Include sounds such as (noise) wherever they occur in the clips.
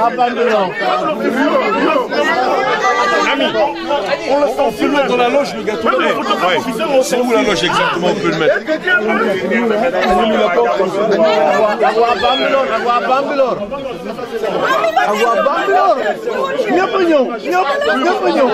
Waa Bambilor. Ami, on le sent filmé dans la loge, le gâteau. Ouais. C'est où la loge exactement On peut le mettre. Waa Bambilor, Waa Bambilor. Waa Bambilor. Ñëpp ñëw, ñëpp ñëw.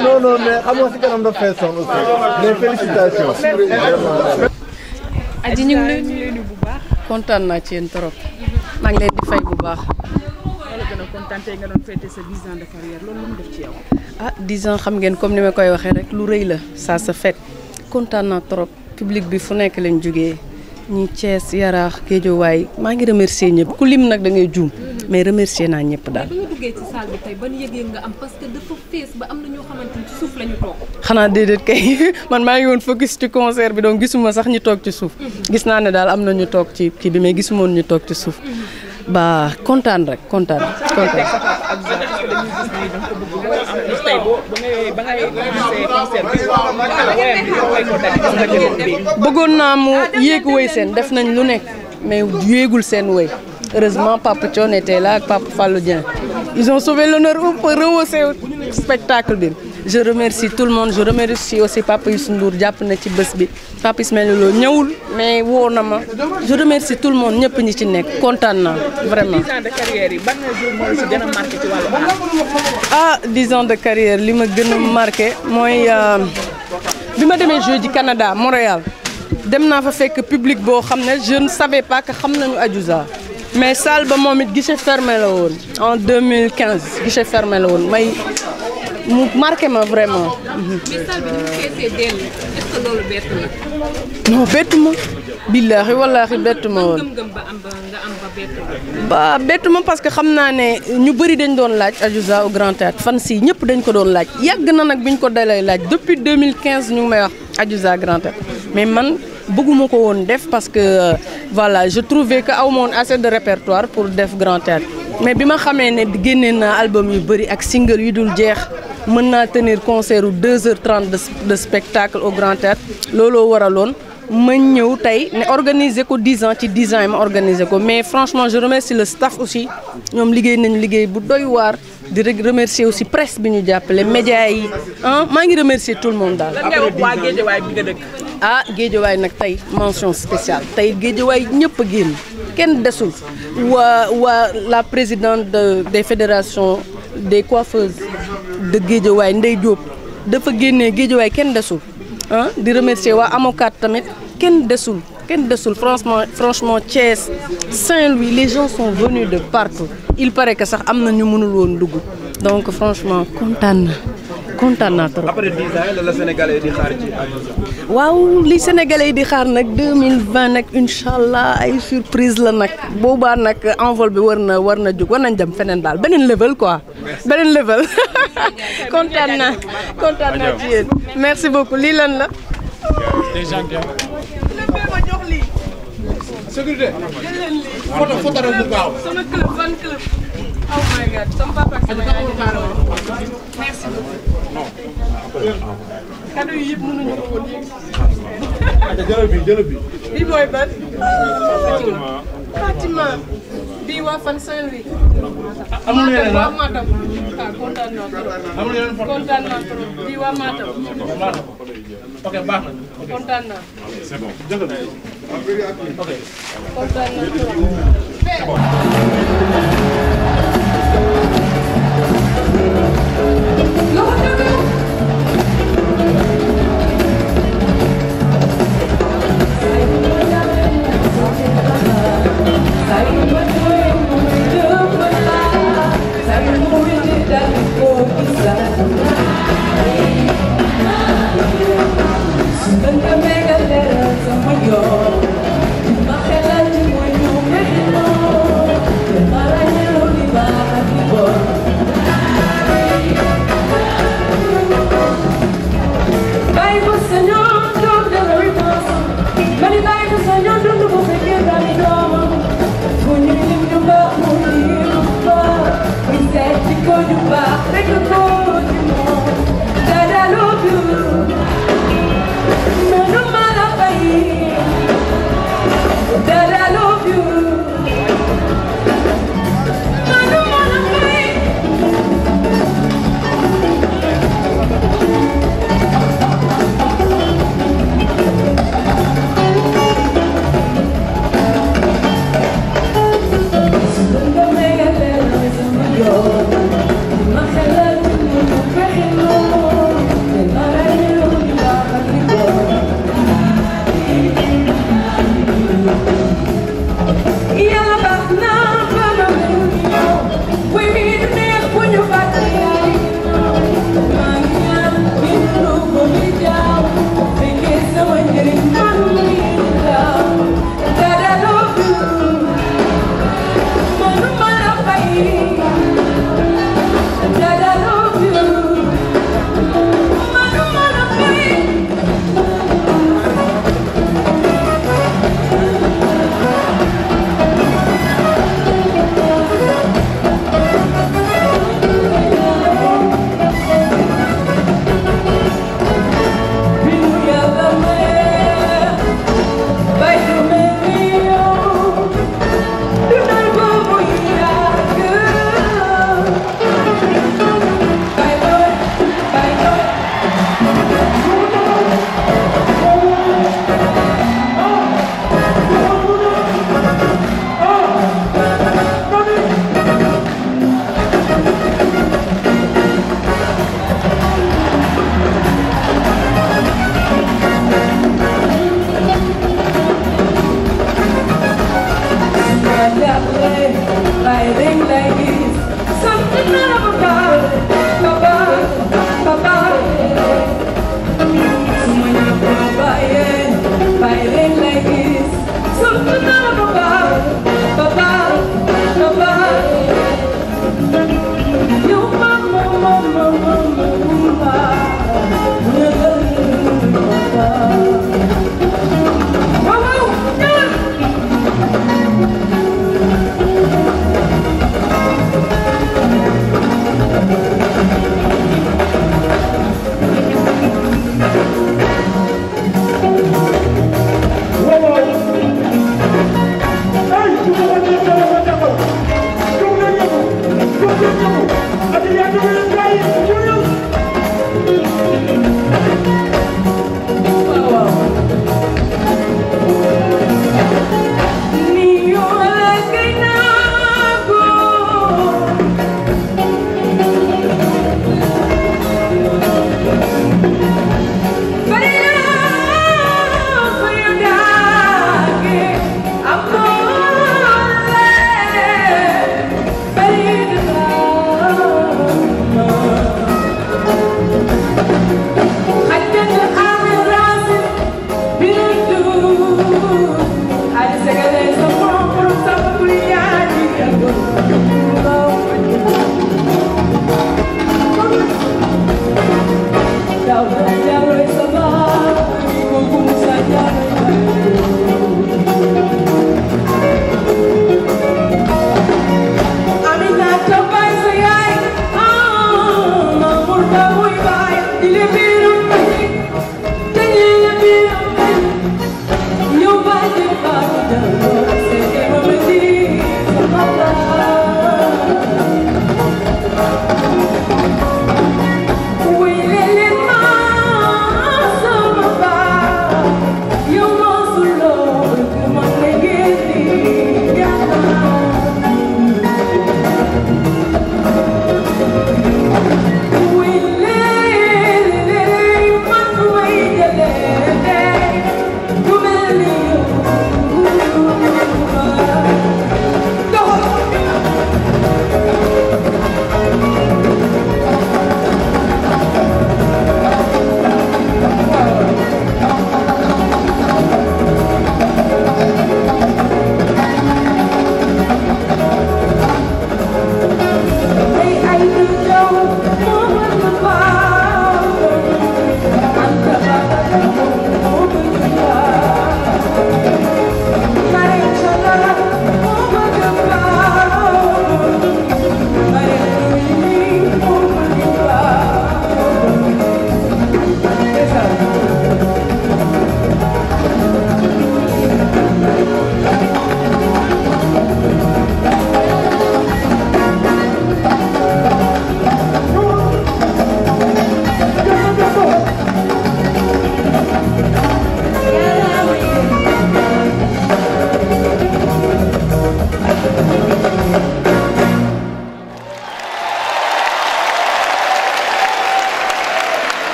Non, non, mais xam nga si kanam dafa fees sonn aussi. Mais félicitations. Aji ñu ngi leen nuyu bu baax. Kontaan naa ci yéen trop. maa ngi leen di fay bu baax. la gën a kontaan tey nga ans de carrière loolu lu mu def ci yow. ah 10 ans xam ngeen comme ni ma koy waxee rek lu rëy la saa sa fête kontaan naa trop public bi fu nekk lañ jógee ñi Thiès Yaraax Géejawaay maa ngi remercier ñëpp ku lim nag da ngay juum. mais remercier naa ñëpp daal. ba bi nga duggee nga am parce que dafa fees ba am na ñoo xamante ci suuf la toog. xanaa déedéet kay (laughs) man maa ngi woon foo gis ci concert bi donc gisuma sax ñu toog ci suuf. Mhm. gis naa ne daal am na ñu toog ci kii bi mais gisuma ñu toog ci suuf. Mhm. ba kontaan rek kontaan kontaan. bëggoon naa mu yéeg woy seen def nañ lu nekk mais yéegul seen woy Heureusement, Papa Thion était là ak Papa Fallou Dieng ils ont sauvé l'honneur pour rehausser bi je remercie tout le monde je remercie aussi Papa Youssou Ndour jàpp na ci bës bi Papa Ismaël Lo ñëwul mais woo na ma je remercie tout le monde ñëpp ñi ci nekk kontaan naa vraiment. ah dix ans de carrière li ma gën a marqué mooy euh, bi ma demee jeu ji Canada dem naa fa fekk public boo xam ne je sabe savais pas que xam nañu Adiouza. mais salle ba moom it guichet fermé la woon en 2015 guichet fermé la woon may mu marqué ma vraiment. mais salle bi ni mu feesee dell est la. non bett ma. billaahi wallaahi bett ma woon ba bett ma parce que xam naa ne ñu bëri dañ doon laaj Adiouza au Grand Théâtre fan si ñëpp dañ ko doon laaj yàgg na nag bi ñu ko dalay laaj depuis 2015 ñu ngi may wax Adiouza mais man bëgguma ko woon def parce que euh, voilà je trouvais que aw moon assez de répertoire pour def grand théâtre mais bi ma xamee ne génnee naa album yu bëri ak single yu dul jeex mën naa tenir concert u deux heures trente de spectacle au grand théâtre looloo waraloon ma ñëw tey ne organiser ko dix ans ci dix ans yi ma organiser ko mais franchement je remercie le staff aussi ñoom liggéey nañu liggéey bu doy waar di rek remercier aussi presse bi ñu jàppale média yi ah maa ngi remercier tout le monde daal. après dix ah géejawaay nag tey mention spéciale tey géejawaay ñëpp a génn kenn desul waa waa la présidente de des fédérations des coiffeuses de géejawaay Ndey Diop dafa génnee géejawaay kenn desul ah di remercier waa amokat tamit kenn desul kenn desul franchement franchement Thiès Saint-Louis les gens sont venus de partout il paraît que sax am na ñu mënul woon dugg donc franchement kontaan na kontaan naa trop. waaw lii Sénégalais yi di xaar nag deux vingt nag incha allah ay surprise la nag boobaa nag envol bi war na war na jóg war nañ dem feneen daal beneen level quoi beneen level (laughs) merci beaucoup lii lan la. kado yi yëpp mënuñu ko woon yëg. jërëjëf bi jërëjëf bi. bii mooy ban. Fatima Fatima. bii waa fan Saint-Louis. amul yeneen ah Matam ah kontaan naa trop. amul yeneen photo kontaan naa trop bii waa Matam. Matam ok baax na. kontaan naa. c'est bon jërëjëf. ok kontaan naa trop. Adiós, adiós, adiós.